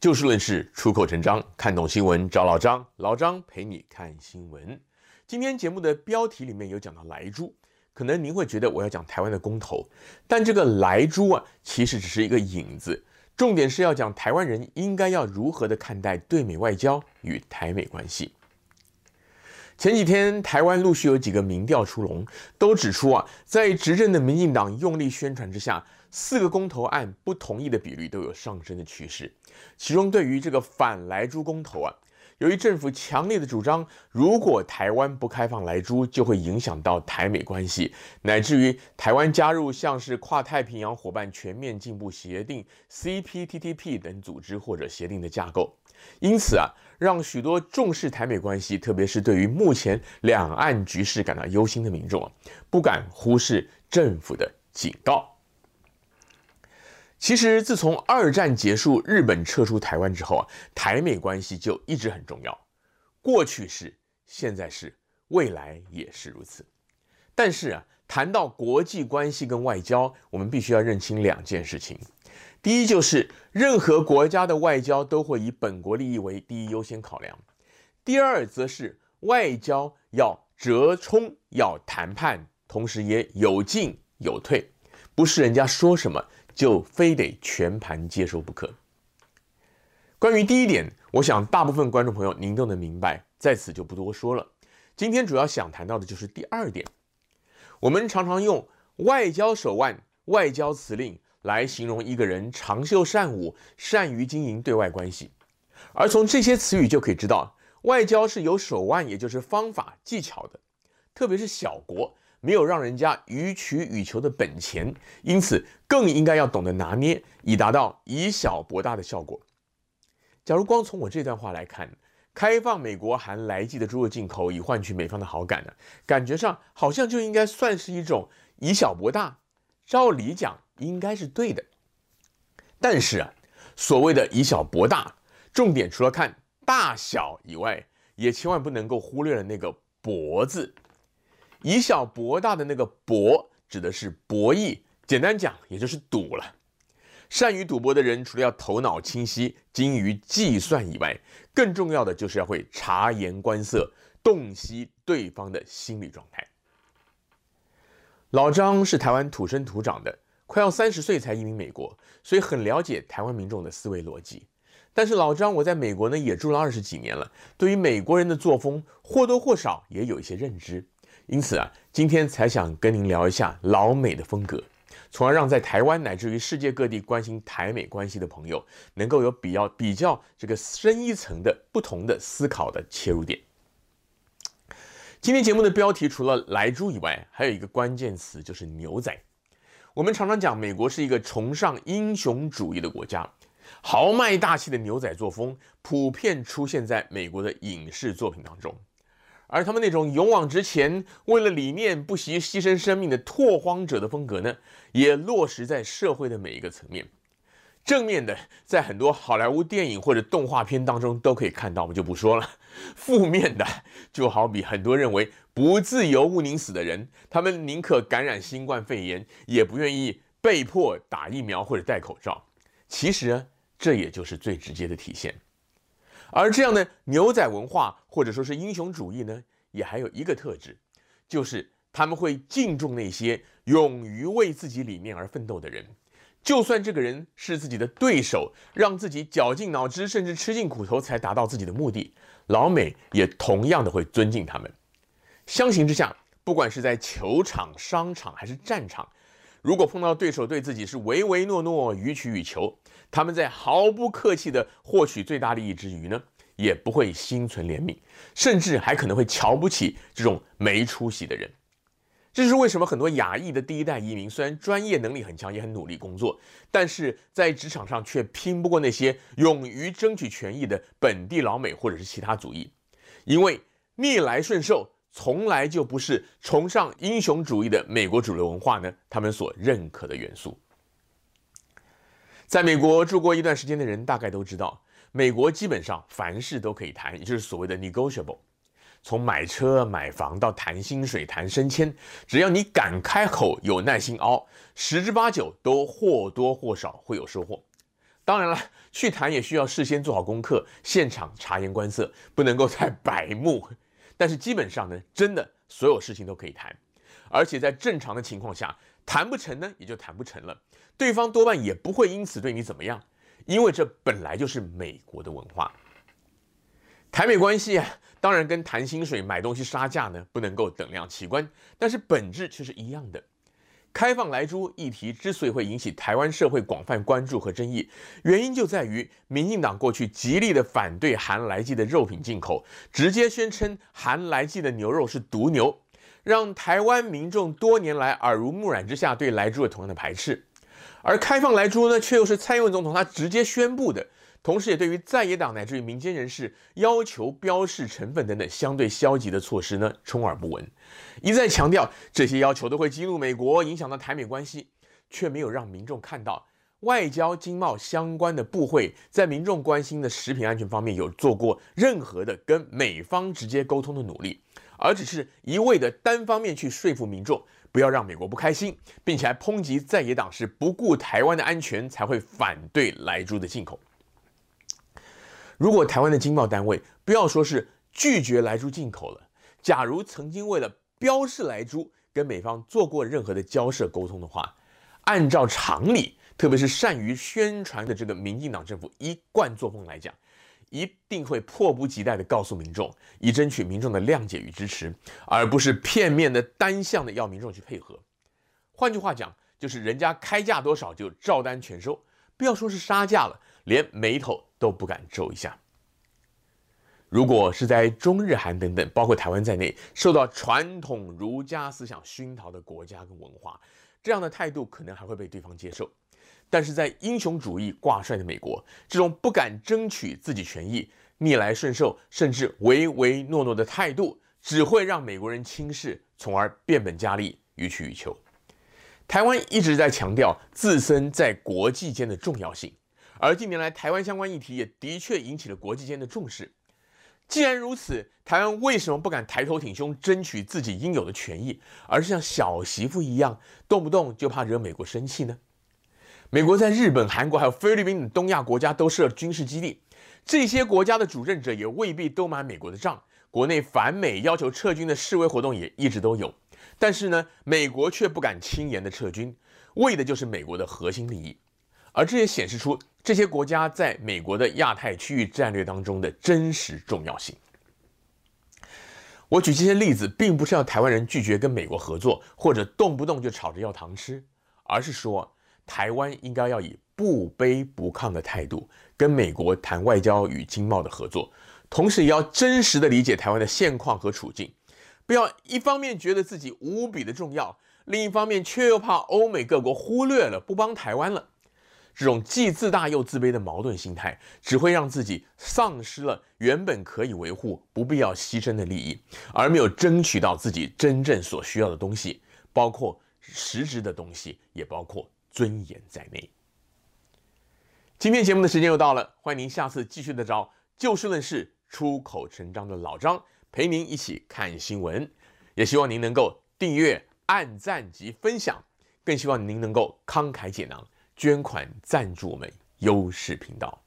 就事論事，出口成章，看懂新聞找老張，老張陪你看新聞。今天節目的標題裡面有講到萊豬，可能您會覺得我要講台灣的公投，但這個萊豬啊，其實只是一個引子，重點是要講台灣人應該要如何的看待對美外交與台美關係。前幾天，台灣陸續有幾個民調出爐，都指出啊，在執政的民進黨用力宣傳之下，四個公投案不同意的比率都有上升的趨勢。其中，對於這個反萊豬公投啊。由於政府強烈的主張，如果台灣不開放萊豬，就會影響到台美關係，乃至於台灣加入像是跨太平洋夥伴全面進步協定 CPTPP 等組織或者協定的架構。因此啊，讓許多重視台美關係，特別是對於目前兩岸局勢感到憂心的民眾，不敢忽視政府的警告。其實，自從二戰結束，日本撤出台灣之後啊，台美關係就一直很重要。過去是，現在是，未來也是如此。但是啊，談到國際關係跟外交，我們必須要認清兩件事情：第一，就是任何國家的外交都會以本國利益為第一優先考量；第二，則是外交要折衝，要談判，同時也有進有退，不是人家說什麼，就非得全盤接受不可。關於第一點，我想大部分觀眾朋友您都能明白，在此就不多說了。今天主要想談到的就是第二點，我們常常用外交手腕、外交辭令來形容一個人長袖善舞、善於經營對外關係，而從這些詞語就可以知道，外交是有手腕，也就是方法技巧的，特別是小國沒有讓人家予取予求的本錢，因此更應該要懂得拿捏，以達到以小博大的效果。假如光從我這段話來看，開放美國含萊劑的豬肉進口，以換取美方的好感呢、啊？感覺上好像就應該算是一種以小博大。照理講應該是對的，但是啊，所謂的以小博大，重點除了看大小以外，也千萬不能夠忽略了那個“博”字。以小博大的那個“博”指的是博弈，簡單講也就是賭了。善於賭博的人，除了要頭腦清晰、精於計算以外，更重要的就是要會察言觀色，洞悉對方的心理狀態。老張是台灣土生土長的，快要三十歲才移民美國，所以很了解台灣民眾的思維邏輯。但是老張我在美國呢也住了二十幾年了，對於美國人的作風或多或少也有一些認知。因此啊，今天才想跟您聊一下老美的風格，從而讓在台灣乃至於世界各地關心台美關係的朋友，能夠有比較比較這個深一層的不同的思考的切入點。今天節目的標題除了萊豬以外，還有一個關鍵詞就是牛仔。我們常常講，美國是一個崇尚英雄主義的國家，豪邁大氣的牛仔作風普遍出現在美國的影視作品當中。而他們那種勇往直前，為了理念不惜犧牲生命的拓荒者的風格呢，也落實在社會的每一個層面。正面的，在很多好萊塢電影或者動畫片當中都可以看到，我們就不說了。負面的，就好比很多認為不自由毋寧死的人，他們寧可感染新冠肺炎，也不願意被迫打疫苗或者戴口罩。其實啊，這也就是最直接的體現。而這樣的牛仔文化，或者說是英雄主義呢，也還有一個特質，就是他們會敬重那些勇於為自己理念而奮鬥的人，就算這個人是自己的對手，讓自己絞盡腦汁，甚至吃盡苦頭才達到自己的目的，老美也同樣的會尊敬他們。相形之下，不管是在球場、商場還是戰場，如果碰到對手對自己是唯唯諾諾、予取予求，他們在毫不客氣地獲取最大利益之餘呢，也不會心存憐憫，甚至還可能會瞧不起這種沒出息的人。這就是為什麼很多亞裔的第一代移民雖然專業能力很強，也很努力工作，但是在職場上卻拼不過那些勇於爭取權益的本地老美或者是其他族裔，因為逆來順受從來就不是崇尚英雄主義的美國主流文化呢，他們所認可的元素。在美國住過一段時間的人大概都知道，美國基本上凡事都可以談，也就是所謂的 negotiable。從買車、買房到談薪水、談升遷，只要你敢開口，有耐心熬，十之八九都或多或少會有收穫。當然了，去談也需要事先做好功課，現場察言觀色，不能夠太白目。但是基本上呢，真的所有事情都可以談，而且在正常的情況下，談不成呢也就談不成了，對方多半也不會因此對你怎麼樣，因為這本來就是美國的文化。台美關係啊，當然跟談薪水、買東西殺價呢不能夠等量齊觀，但是本質卻是一樣的。開放萊豬議題之所以會引起台灣社會廣泛關注和爭議，原因就在於民進黨過去極力的反對含萊劑的肉品進口，直接宣稱含萊劑的牛肉是毒牛，讓台灣民眾多年來耳濡目染之下對萊豬有同樣的排斥。而開放萊豬呢，卻又是蔡英文總統他直接宣布的。同時，也對於在野黨乃至於民間人士要求標示成分等等相對消極的措施呢，充耳不聞，一再強調這些要求都會激怒美國，影響到台美關係，卻沒有讓民眾看到外交、經貿相關的部會在民眾關心的食品安全方面有做過任何的跟美方直接溝通的努力，而只是一味的單方面去說服民眾不要讓美國不開心，並且還抨擊在野黨是不顧台灣的安全才會反對萊豬的進口。如果台灣的經貿單位不要說是拒絕萊豬進口了，假如曾經為了標示萊豬跟美方做過任何的交涉溝通的話，按照常理，特別是善於宣傳的這個民進黨政府一貫作風來講，一定會迫不及待的告訴民眾，以爭取民眾的諒解與支持，而不是片面的單向的要民眾去配合。換句話講，就是人家開價多少就照單全收，不要說是殺價了。連眉頭都不敢皺一下。如果是在中日韓等等，包括台灣在內，受到傳統儒家思想熏陶的國家跟文化，這樣的態度可能還會被對方接受。但是在英雄主義掛帥的美國，這種不敢爭取自己權益、逆來順受甚至唯唯諾諾的態度，只會讓美國人輕視，從而變本加厲、予取予求。台灣一直在強調自身在國際間的重要性。而近年來，台灣相關議題也的確引起了國際間的重視。既然如此，台灣為什麼不敢抬頭挺胸爭取自己應有的權益，而是像小媳婦一樣，動不動就怕惹美國生氣呢？美國在日本、韓國還有菲律賓等東亞國家都設了軍事基地，這些國家的主政者也未必都買美國的賬。國內反美要求撤軍的示威活動也一直都有，但是呢，美國卻不敢輕言的撤軍，為的就是美國的核心利益。而這也顯示出這些國家在美國的亞太區域戰略當中的真實重要性。我舉這些例子，並不是要台灣人拒絕跟美國合作，或者動不動就吵着要糖吃，而是說台灣應該要以不卑不亢的態度跟美國談外交與經貿的合作，同時也要真實的理解台灣的現況和處境，不要一方面覺得自己無比的重要，另一方面卻又怕歐美各國忽略了，不幫台灣了。這種既自大又自卑的矛盾心態，只會讓自己喪失了原本可以維護、不必要犧牲的利益，而沒有爭取到自己真正所需要的東西，包括實質的東西，也包括尊嚴在內。今天節目的時間又到了，歡迎您下次繼續的找就事論事、出口成章的老張陪您一起看新聞，也希望您能夠訂閱、按讚及分享，更希望您能夠慷慨解囊。捐款贊助我們優視頻道。